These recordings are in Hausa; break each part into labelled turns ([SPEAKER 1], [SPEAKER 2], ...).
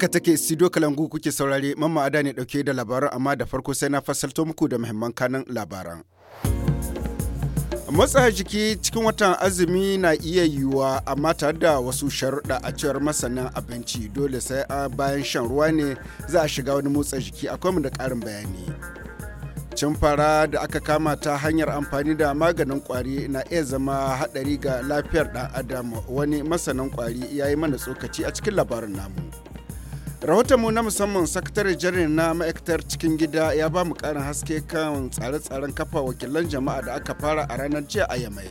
[SPEAKER 1] Haka take studio Kalangu kuke saurare mamma ada ne dauke da labaran amma da farko sai na fasalto muku da muhimman kanan labaran. Matsa jiki cikin watan azumi na iya yiwuwa amma tare da wasu sharuɗa a cewar masana abinci dole sai a bayan shan ruwa ne za a shiga wani motsa jiki akwai mu da ƙarin bayani. Cin fara da aka kama ta hanyar amfani da maganin kwari na iya zama haɗari ga lafiyar ɗan adam wani masanan kwari ya yi mana tsokaci a cikin labarin namu. rahotonmu na musamman sakatare jirgin na ma'aikatar cikin gida ya ba mu karin haske kan tsare-tsaren kafa wakilan jama'a da aka fara a ranar jiya a yamai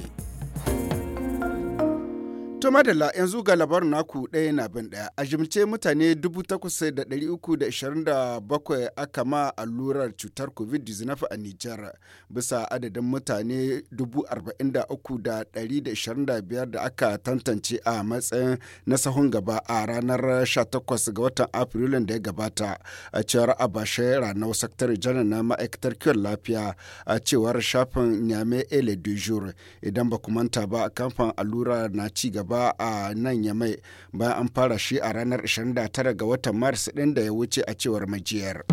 [SPEAKER 1] To madalla yanzu ga labarin naku ɗaya na bin ɗaya a jimce mutane 8,327 aka ma allurar cutar covid-19 a Nijar bisa adadin mutane 43,125 da aka tantance a matsayin na sahun gaba a ranar 18 ga watan Afrilun da ya gabata a cewar abashe ranar sakatare janar na ma'aikatar kiwon lafiya a cewar shafin Nyame Ele du idan ba ku manta ba kamfan allura na ci gaba gaba a nan yamai bayan an fara shi a ranar 29 ga watan maris ɗin da ya wuce a cewar majiyar.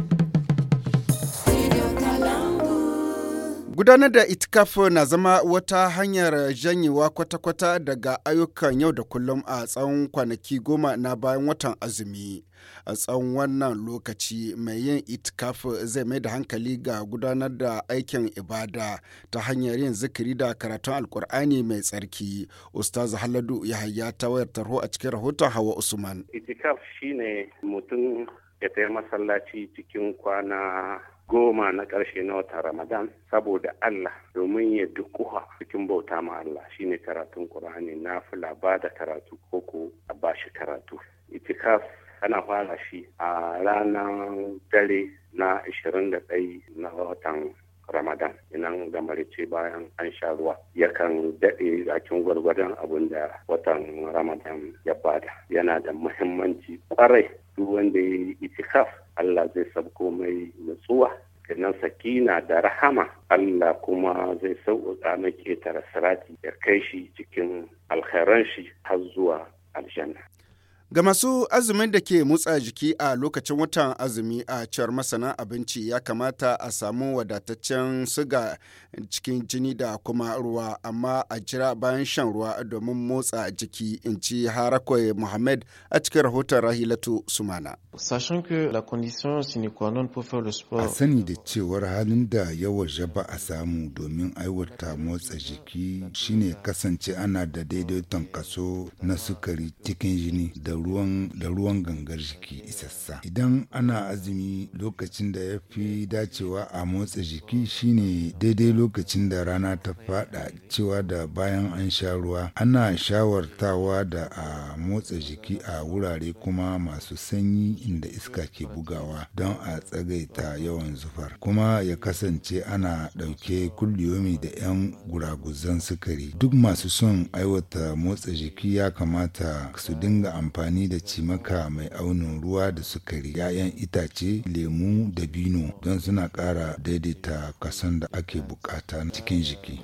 [SPEAKER 1] Gudanar da itikaf na zama wata hanyar janyewa kwata-kwata daga ayyukan yau da kullum a tsawon kwanaki goma na bayan watan azumi. A tsawon wannan lokaci mai yin itikaf zai mai da hankali ga gudanar da aikin ibada ta hanyar yin zikiri da karatun alkur'ani mai tsarki. Ustaz Haladu Yahaya ta wayar tarho a cikin rahoton Hawa Usman. Itikaf shine mutum ya masallaci cikin kwana goma na ƙarshe na watan Ramadan saboda Allah domin ya dukuha cikin bauta ma Allah shine karatun Qur'ani nafila ba da karatu koko a bashi karatu itikaf ana fara shi a ranar dare na 21 na watan Ramadan inan da marice bayan an sha ruwa yakan daɗe cikin gwargwadon abin da watan Ramadan ya bada yana da muhimmanci kwarai duk wanda ya itikaf Allah zai sako mai nutsuwa kenan sakina da rahama Allah kuma zai sauƙaƙa mai ƙetare sarati ya kai shi cikin alkhairan shi har zuwa aljanna Ga masu azumin da ke motsa jiki a lokacin watan azumi a ciyar masana abinci ya kamata a samu wadataccen siga cikin jini da kuma ruwa amma a jira bayan shan ruwa domin motsa jiki in ci harakwai Muhammad a cikin rahoton Rahilatu Sumana.
[SPEAKER 2] A sani da cewar halin da yawa jaba a samu domin aiwata motsa jiki shine kasance ana da daidaiton kaso na sukari cikin jini da ruwan da ruwan gangar jiki isassa idan ana azumi lokacin da ya fi dacewa a motsa jiki shine daidai lokacin da rana ta fada cewa da bayan an sha ruwa ana shawartawa da a motsa jiki a wurare kuma masu sanyi inda iska ke bugawa don a tsagaita yawan zufar kuma ya kasance ana ɗauke kulliyomi da 'yan guraguzan sukari duk masu son aiwata motsa jiki ya kamata su dinga amfani amfani da cimaka mai aunin ruwa da sukari, 'ya'yan itace, lemu, da bino. don suna ƙara daidaita kasan da ake bukata cikin jiki.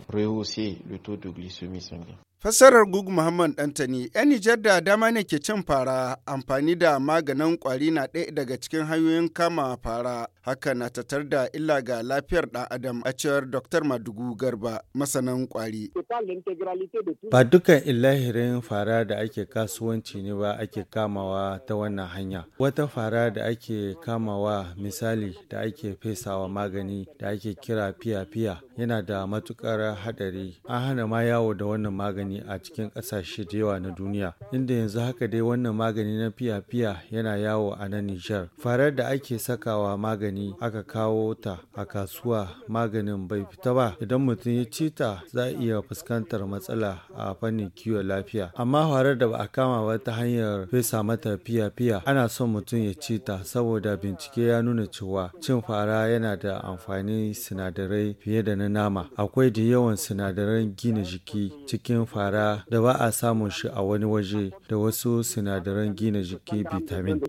[SPEAKER 1] Fassarar Gugu Muhammad Dantani, 'yan Nijar da dama ne ke cin fara, amfani da maganin kwari na ɗaya daga cikin hanyoyin kama fara, haka na tatar da illa ga lafiyar ɗan adam a cewar Dr. Madugu Garba, masanan kwari. Ba dukkan
[SPEAKER 3] illahirin fara da ake kasuwanci ne ba ake kamawa ta wannan hanya. Wata fara da ake kamawa misali da ake fesawa magani da ake kira fiya-fiya yana da matukar haɗari. An hana ma yawo da wannan magani magani a cikin ƙasashe da yawa na duniya inda yanzu haka dai wannan magani na fiya-fiya yana yawo a nan Nijar. Farar da ake sakawa magani aka kawo ta a kasuwa maganin bai fita ba idan mutum ya ci ta za a iya fuskantar matsala a fannin kiwon lafiya. Amma farar da ba a kama ba ta hanyar fesa mata piya piya ana son mutum ya ci ta saboda bincike ya nuna cewa cin fara yana da amfani sinadarai fiye da na nama. Akwai da yawan sinadaran gina jiki cikin fara fara da ba a samun shi a wani waje da wasu sinadaran gina jiki vitamin.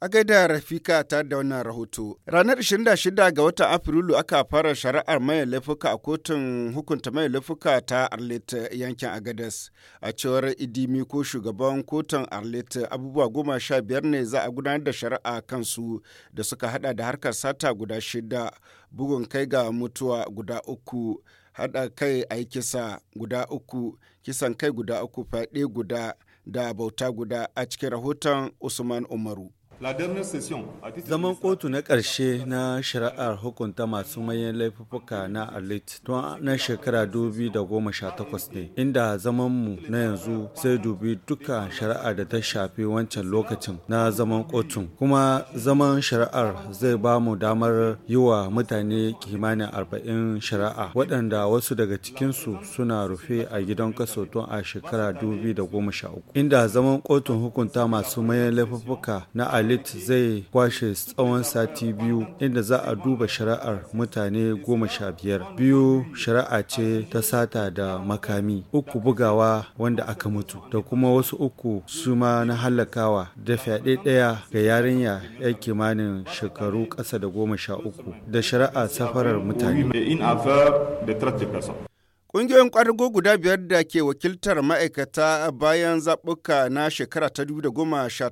[SPEAKER 1] A gaida Rafika ta da wannan rahoto. Ranar 26 ga watan Afrilu aka fara shari'ar mai laifuka a kotun hukunta mai laifuka ta Arlet yankin Agadas. A cewar Idimi ko shugaban kotun Arlet abubuwa goma sha biyar ne za a gudanar da shari'a kansu da suka hada da harkar sata guda shida bugun kai ga mutuwa guda uku. uku haɗa kai a yi kisa guda uku kisan kai guda uku faɗe guda da bauta guda a cikin rahoton usman umaru
[SPEAKER 3] Zaman kotu na ƙarshe na shari'ar hukunta masu manyan laifuka na Alit tun na shekara 2018 ne, inda zamanmu na yanzu sai dubi duka shari'ar da ta shafi wancan lokacin na zaman kotun. Kuma zaman shari'ar zai ba mu damar yi wa mutane kimanin arba'in shari'a, waɗanda wasu daga cikinsu suna rufe a gidan kaso tun a shekara 2013, inda zaman kotun hukunta masu manyan laifuka na Alit Khalid zai kwashe tsawon sati biyu inda za a duba shari'ar mutane goma sha biyar biyu shari'a ce ta sata da makami uku bugawa wanda aka mutu da kuma wasu uku su ma na halakawa da fyaɗe ɗaya ga yarinya ya kimanin shekaru ƙasa da goma sha uku da shari'a safarar mutane
[SPEAKER 1] Ƙungiyoyin ƙwadago guda biyar da ke wakiltar ma'aikata bayan zaɓuka na shekara ta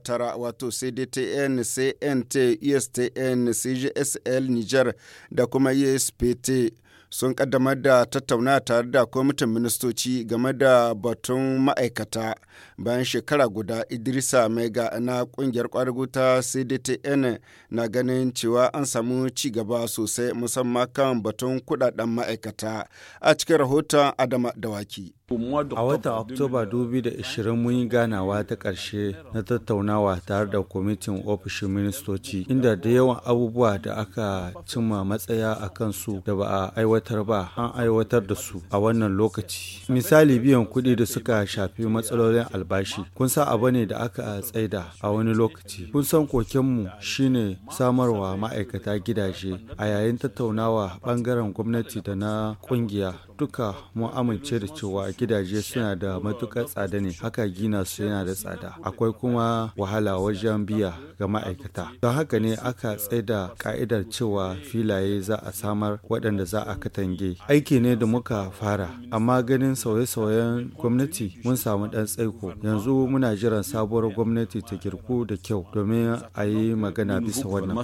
[SPEAKER 1] tara wato CDTN, CNT, ESTN, CGSL Niger da kuma ESPT sun kaddamar da tattauna tare da kwamitin ministoci game da batun ma'aikata bayan shekara guda idrisa mega na kungiyar kwadago ta cdtn na ganin cewa an samu ci gaba sosai musamman kan batun kudaden ma'aikata a cikin rahoton adama dawaki A watan Oktoba
[SPEAKER 3] 2020 mun yi ganawa ta ƙarshe na tattaunawa tare da kwamitin ofishin ministoci inda da yawan abubuwa da aka cimma matsaya a kansu da ba a aiwatar ba an aiwatar da su a wannan lokaci. Misali biyan kuɗi da suka shafi matsalolin albashi. Kun sa abu ne da aka tsaida a wani lokaci. Kun san kokenmu shine samarwa ma'aikata gidaje a yayin tattaunawa ɓangaren gwamnati da na ƙungiya duka mun amince da cewa gidaje suna da matukar tsada ne haka gina su yana da tsada akwai kuma wahala wajen biya ga ma'aikata don haka ne aka tsaida ka'idar cewa filaye za a samar waɗanda za a katange aiki ne da muka fara amma ganin sauye-sauyen gwamnati mun samu ɗan tsaiko yanzu muna jiran sabuwar gwamnati ta girku da kyau domin a yi magana bisa wannan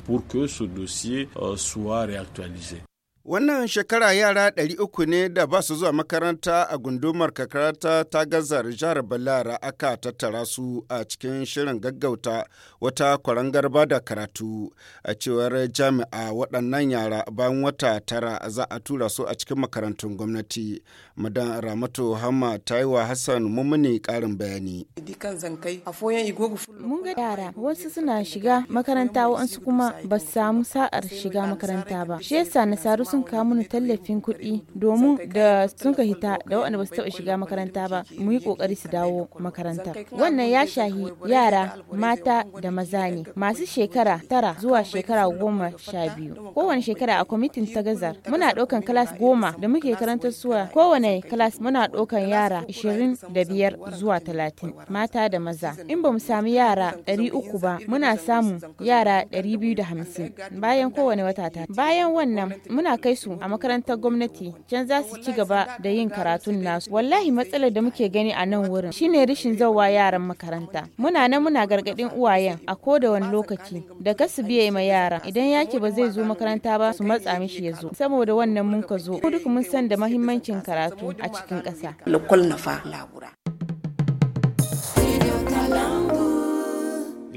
[SPEAKER 1] Wannan shekara yara ɗari uku ne da ba su zuwa makaranta a gundumar kakarata ta gazar jihar Balara aka tattara su a cikin shirin gaggauta wata kwarangar ba da karatu. A cewar jami'a waɗannan yara bayan wata tara za a tura su a cikin makarantun gwamnati. Madan Ramatu hama ta yi wa Hassan Mumuni ƙarin bayani.
[SPEAKER 4] Mun ga yara wasu suna shiga makaranta wa'ansu kuma ba su samu sa'ar shiga makaranta ba. Shi yasa na saru sun kawo mana tallafin kuɗi domin da sun ka hita da waɗanda ba su taɓa shiga makaranta ba mu yi ƙoƙari su dawo makaranta. Wannan ya shahi yara mata da maza ne masu shekara tara zuwa shekara goma sha biyu. Kowane shekara a kwamitin ta gazar muna ɗaukan kalas goma da muke karantar suwa kowane kalas muna ɗaukan yara ishirin da biyar zuwa talatin mata da maza. In ba mu sami yara ɗari uku ba muna samun yara ɗari biyu da hamsin bayan kowane wata ta. Bayan wannan muna kai kai su a makarantar gwamnati can za su ci gaba da yin karatun nasu wallahi matsalar da muke gani a nan wurin shine rashin zauwa yaran makaranta muna nan muna gargadin uwayen a ko da wani lokaci da ka su biye ma yaran idan yake ba zai zo makaranta ba su matsa mishi ya zo saboda wannan mun ka zo ko duk mun san da mahimmancin karatu a cikin ƙasa.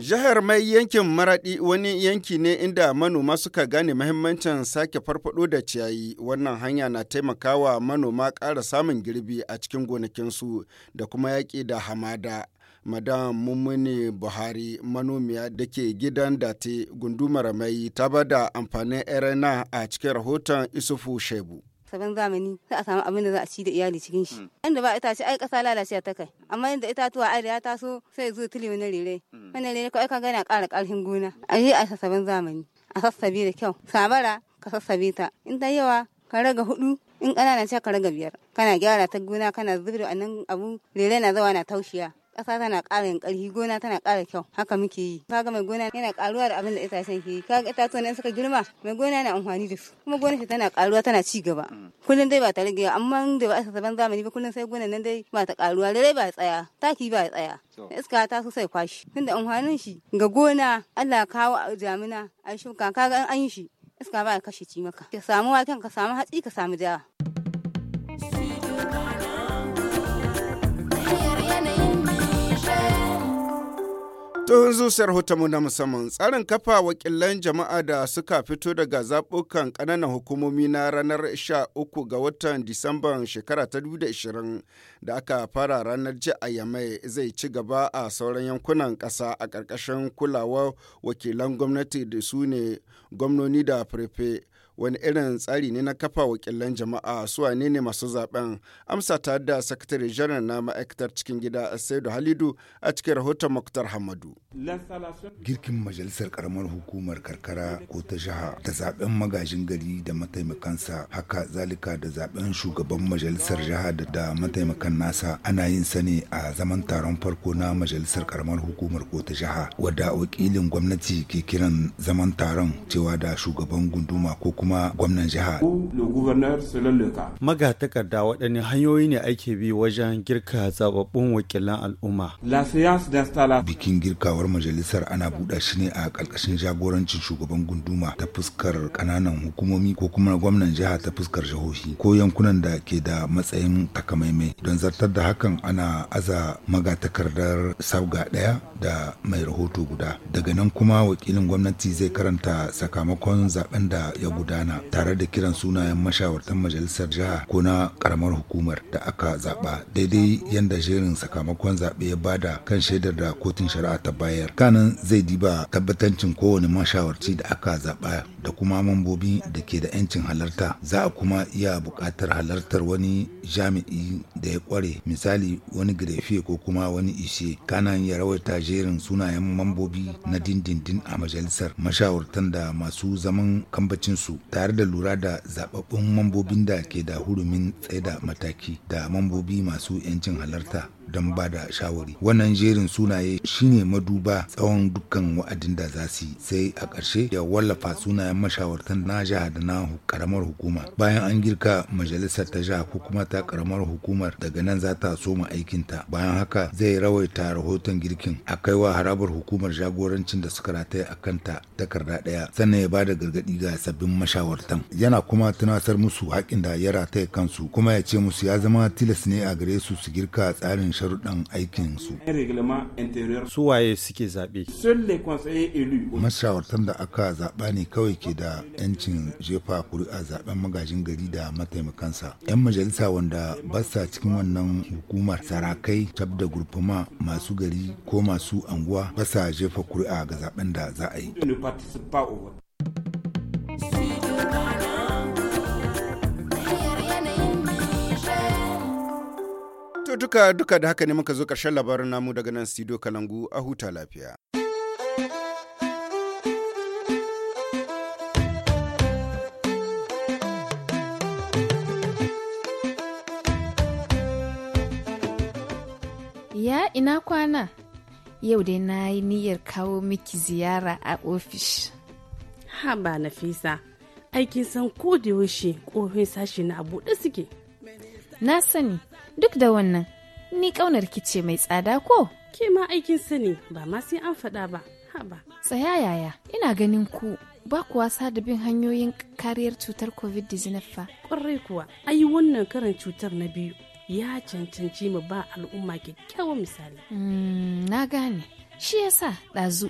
[SPEAKER 1] Jihar Mai yankin Maraɗi wani yanki ne inda manoma suka gane mahimmancin sake farfaɗo da ciyayi. Wannan hanya na taimakawa manoma ƙara samun girbi a cikin gonakinsu da kuma yaƙi da hamada. Madam Mummuni Buhari manomiya da ke gidan date gundumar mai ta bada amfanin erena a cikin rahoton Isufu Shebu.
[SPEAKER 5] sabon zamani za a samu abin da za a ci da iyali cikin shi inda mm. ba itace ai kasa lalace ta kai amma inda itatuwa ai da ya taso sai zo tuli wani rere mm. wani rere kawai ka gana ƙara ƙarfin gona a yi a sabon zamani a sassabe da kyau sabara ka sassabe ta in ta yawa ka raga hudu in ƙanana ce ka raga biyar kana gyara ta gona kana zubda nan abu rere na zawa na taushiya ƙasa tana ƙara yin ƙarfi gona tana ƙara kyau haka muke yi kaga mai gona yana ƙaruwa da abin da itacen ke yi kaga itatuwan nan suka girma mai gona yana amfani da su kuma gona shi tana ƙaruwa tana ci gaba mm. kullum dai ba ta rage amma da ba a saban zamani ba kullum sai gona nan dai ba ta ƙaruwa da dai ba tsaya taki ba tsaya iska ta so sai kwashi tunda amfanin shi ga gona Allah kawo a jamuna a shuka kaga an yi shi iska ba ya kashe ci maka ka samu waken ka samu hatsi ka samu dawa
[SPEAKER 6] tun
[SPEAKER 1] zusar hotonmu na musamman tsarin kafa wakilan jama'a da suka fito daga zaɓukan ƙananan hukumomi na ranar 13 ga watan Disamban shekara ta 2020 da aka fara ranar ji a Yamai zai ci gaba a sauran yankunan ƙasa a ƙarƙashin kulawar wakilan gwamnati da su ne gwamnoni da firfe wani irin tsari ne na kafa wakilan jama'a su wane ne masu zaben amsa ta da sakatare janar na ma'aikatar cikin gida saidu halidu a cikin rahoton makutar hamadu
[SPEAKER 2] girkin majalisar karamar hukumar karkara ko ta jiha da zaben magajin gari da mataimakansa haka zalika da zaben shugaban majalisar jiha da da mataimakan nasa ana yin sani a zaman taron farko na majalisar karamar hukumar ko ta jiha wadda wakilin gwamnati ke kiran zaman taron cewa da shugaban gunduma ko kuma kuma gwamnan jiha.
[SPEAKER 3] Magatakarda waɗanne hanyoyi ne ake bi wajen girka zababbun wakilan al'umma.
[SPEAKER 2] Bikin girkawar majalisar ana buɗa shi ne a ƙarƙashin jagorancin shugaban gunduma ta fuskar ƙananan hukumomi ko kuma gwamnan jiha ta fuskar jihohi ko yankunan da ke da matsayin takamaimai don zartar da hakan ana aza maga takardar sabga ɗaya da mai rahoto guda daga nan kuma wakilin gwamnati zai karanta sakamakon zaben da ya gudana. gudana tare da kiran sunayen mashawartan majalisar jiha ko na karamar hukumar da aka zaba daidai yadda jerin sakamakon zaɓe ya bada kan shaidar da kotun shari'a ta bayar kanan zai diba tabbatancin kowane mashawarci da aka zaba da kuma mambobi da ke da 'yancin halarta za a kuma iya buƙatar halartar wani jami'i da ya kware misali wani grefe ko kuma wani ishe kana ya rawaita jerin sunayen mambobi na dindindin a majalisar mashawartan da masu zaman kambacinsu tare da lura da zababbun mambobin da ke da hurumin tsaida mataki da mambobi masu 'yancin halarta don ba da shawari wannan jerin sunaye shine maduba tsawon dukkan wa'adin da za su yi sai a ƙarshe ya wallafa sunayen mashawartan na jiha da na karamar hukuma bayan an girka majalisar ta jiha ko kuma ta karamar hukumar daga nan za ta soma aikinta bayan haka zai rawaita rahoton girkin a kaiwa harabar hukumar jagorancin da suka rataya a kanta takarda ɗaya sannan ya ba da gargaɗi ga sabbin mashawartan yana kuma tunasar musu haƙin da ya rataya kansu kuma ya ce musu ya zama tilas ne a gare su su girka tsarin sharuɗan su waye
[SPEAKER 3] suke zaɓe?
[SPEAKER 2] Mashawartan da aka zaɓa ne kawai ke da 'yancin jefa kuri'a zaɓen magajin gari da mataimakansa. 'Yan majalisa wanda ba sa cikin wannan hukumar sarakai, tab da gurfuma masu gari ko masu anguwa ba sa jefa kuri'a ga zaɓen da za a yi.
[SPEAKER 1] To duka duka da haka ne muka zo ƙarshen labarin namu daga nan studio Kalangu a huta lafiya.
[SPEAKER 6] Ya ina kwana? Yau dai na yi niyyar kawo miki ziyara a ofish. Haba Nafisa, aikin san ko da yaushe ƙofin sashi na buɗe suke. Na sani, Duk da wannan, ni ƙaunar ce mai tsada ko? Ke ma aikin sani ba ma sai an faɗa ba, haba. Tsaya yaya, ina ganin ku ba ku wasa da bin hanyoyin kariyar cutar covid-19 fa. Ƙwarai kuwa, ayi wannan karin cutar na biyu ya cancanci mu ba al'umma kyakkyawan misali. Hmm, na gane, shi yasa ɗazu